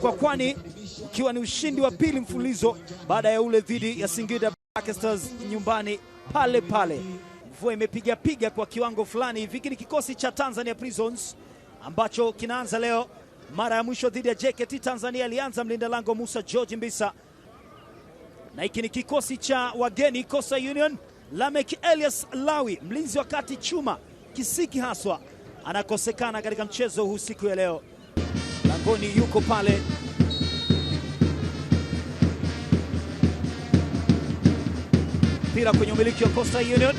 kwa Kwani, ikiwa ni ushindi wa pili mfululizo baada ya ule dhidi ya Singida Black Stars nyumbani pale pale. Mvua imepiga piga kwa kiwango fulani hivi. Ni kikosi cha Tanzania Prisons ambacho kinaanza leo. Mara ya mwisho dhidi ya JKT Tanzania alianza mlinda lango Musa George Mbisa, na hiki ni kikosi cha wageni Kosa Union. Lamek Elias Lawi, mlinzi wa kati chuma kisiki haswa, anakosekana katika mchezo huu siku ya leo. Mboni yuko pale mpira kwenye umiliki wa Coastal Union.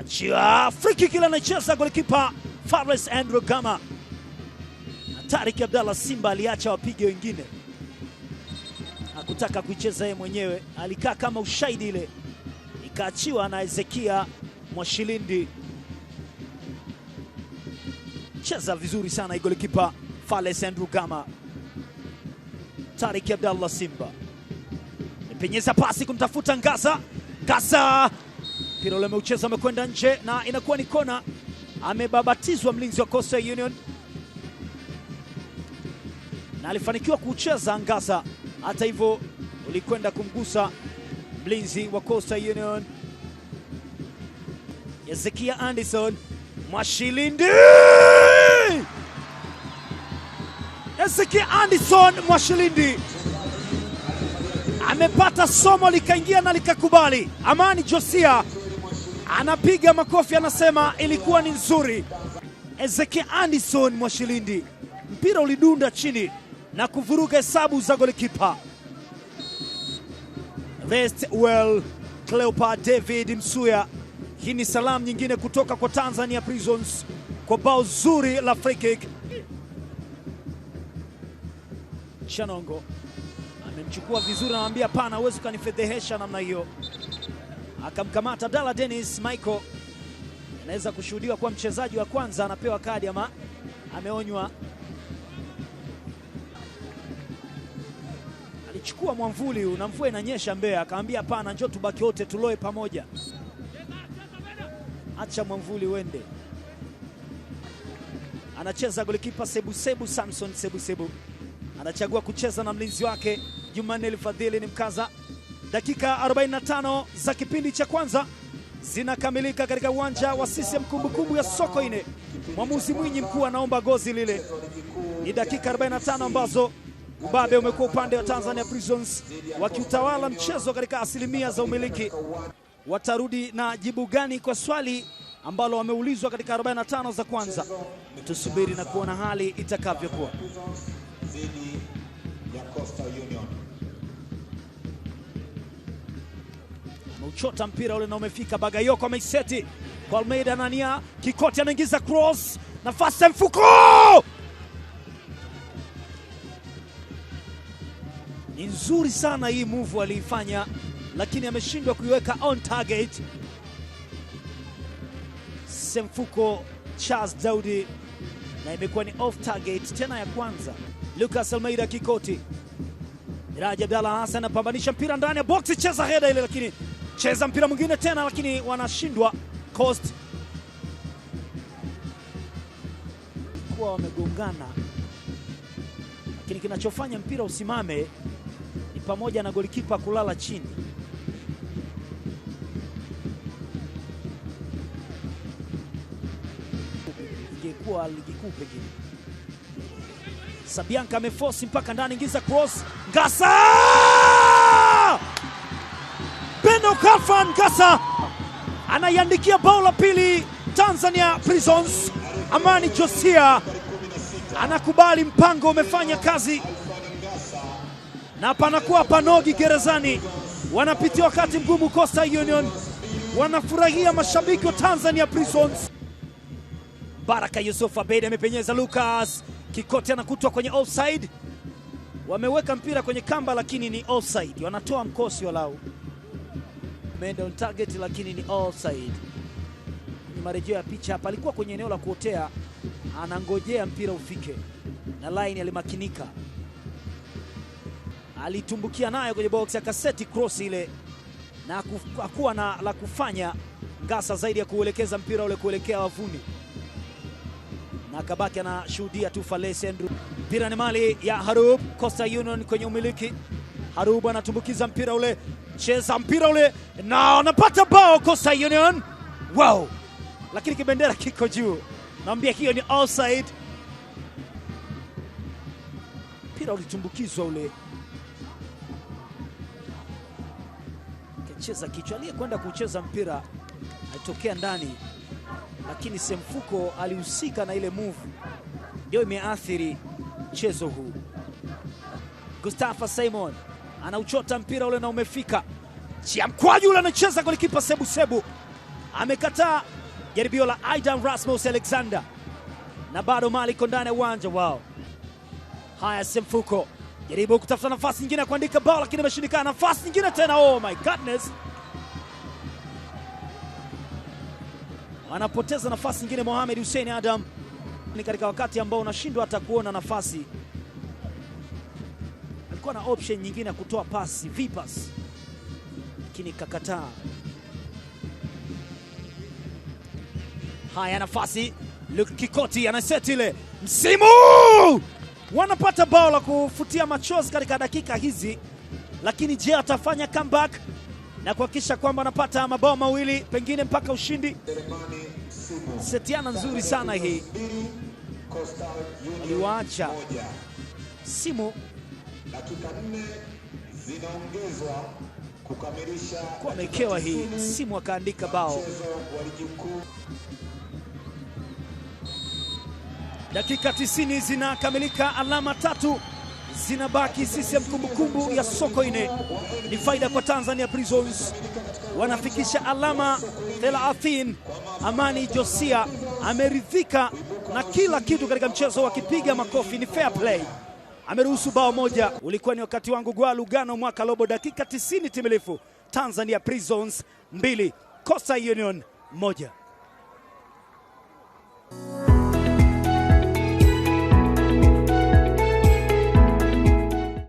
Achia free kick ile anacheza golikipa Fares Andrew Gama. Tariki Abdallah Simba aliacha wapige wengine hakutaka kuicheza yeye mwenyewe, alikaa kama ushahidi, ile ikaachiwa na Ezekia Mwashilindi. Cheza vizuri sana igolikipa Fales Andrew Gama. Tariki Abdallah Simba mepenyeza pasi kumtafuta Ngasa. Ngasa mpira ule ameucheza amekwenda nje na inakuwa ni kona. Amebabatizwa mlinzi wa Coastal Union na alifanikiwa kuucheza Ngasa. Hata hivyo ulikwenda kumgusa mlinzi wa Coastal Union Ezekia Anderson Mwashilindi. Ezekia Anderson Mwashilindi amepata somo likaingia na likakubali. Amani Josia anapiga makofi, anasema ilikuwa ni nzuri. Ezekia Anderson Mwashilindi, mpira ulidunda chini na kuvuruga hesabu za golikipa. Rest well Cleopa David Msuya. Hii ni salamu nyingine kutoka kwa Tanzania Prisons kwa bao zuri la free kick. Chanongo amemchukua vizuri, anamwambia pana, huwezi ukanifedhehesha namna hiyo. Akamkamata Dala Dennis Michael, anaweza kushuhudiwa kuwa mchezaji wa kwanza anapewa kadi ama ameonywa chukua mwamvuli na mvua inanyesha Mbeya. Akaambia hapana, njoo tubaki wote tuloe pamoja, acha mwamvuli uende. Anacheza golikipa Sebusebu Samson Sebusebu, anachagua kucheza na mlinzi wake Jumanne Elfadhili ni mkaza. Dakika 45 za kipindi cha kwanza zinakamilika katika uwanja wa CCM kumbukumbu ya Sokoine. Mwamuzi Mwinyi mkuu anaomba gozi lile. Ni dakika 45 ambazo ubabe umekuwa upande wa Tanzania Prisons wakiutawala mchezo katika asilimia za umiliki. Watarudi na jibu gani kwa swali ambalo wameulizwa katika 45 za kwanza? Tusubiri na kuona hali itakavyokuwa. Ameuchota mpira ule na umefika Bagayoko, ameiseti kwa Almeida, Anania Kikoti anaingiza cross, nafasi ya mfuko nzuri sana hii move aliifanya, lakini ameshindwa kuiweka on target. Semfuko Charles Daudi na imekuwa ni off target tena ya kwanza. Lucas Almeida Kikoti, Miraji Abdalla Hassan anapambanisha mpira ndani ya box, cheza heda ile, lakini cheza mpira mwingine tena, lakini wanashindwa Coast kuwa wamegongana, lakini kinachofanya mpira usimame pamoja na golikipa kulala chini. Ingekuwa ligi kuu pengine. Sabianka ameforce mpaka ndani, ingiza cross. Ngasa! Beno Kalfan Ngasa anaiandikia bao la pili Tanzania Prisons. Amani Josia anakubali, mpango umefanya kazi na panakuwa panogi gerezani. Wanapitia wakati mgumu Coastal Union, wanafurahia mashabiki wa Tanzania Prisons. Baraka Yusuf Abedi amepenyeza Lucas Kikoti, anakutwa kwenye offside. Wameweka mpira kwenye kamba, lakini ni offside. Wanatoa mkosi walau, ameenda on target, lakini ni offside. Ni marejeo ya picha hapa, alikuwa kwenye eneo la kuotea, anangojea mpira ufike na line, alimakinika alitumbukia nayo kwenye box ya kaseti, cross ile, na hakuwa na la kufanya Ngasa zaidi ya kuelekeza mpira ule kuelekea wavuni, na kabaki anashuhudia tu Falesi Andrew. Mpira ni mali ya Harub, Costa Union kwenye umiliki. Harub anatumbukiza mpira ule, cheza mpira ule na anapata bao Costa Union. Wow, lakini kibendera kiko juu, naambia hiyo ni offside. Mpira ulitumbukizwa ule. anacheza kichwa, aliyekwenda kucheza mpira alitokea ndani, lakini Semfuko alihusika na ile move, ndio imeathiri mchezo huu. Gustafa Simon anauchota mpira ule na umefika chia mkwaju ule anacheza golikipa Sebu Sebu amekataa jaribio la Aidan Rasmus Alexander, na bado mali iko ndani ya uwanja wao. Haya, Semfuko jaribu kutafuta nafasi nyingine ya kuandika bao lakini imeshindikana. Nafasi nyingine tena, oh my goodness, anapoteza nafasi nyingine Mohamed Hussein Adam, ni katika wakati ambao unashindwa hata kuona nafasi. Alikuwa na option nyingine ya kutoa pasi vipas, lakini kakataa. Haya, nafasi Luke Kikoti anasetile msimu wanapata bao la kufutia machozi katika dakika hizi, lakini je, atafanya comeback na kuhakikisha kwamba anapata mabao mawili pengine mpaka ushindi? Setiana nzuri sana hii, aliwaacha simu kwa mekewa hii simu akaandika bao. Dakika 90 zinakamilika, alama tatu zinabaki CCM kumbukumbu ya Sokoine. Ni faida kwa Tanzania Prisons, wanafikisha alama 30. Amani Josia ameridhika na kila kitu katika mchezo, wakipiga makofi ni fair play. Ameruhusu bao moja. Ulikuwa ni wakati wangu gwa Lugano mwaka lobo dakika 90 timilifu. Tanzania Prisons 2 Coastal Union moja.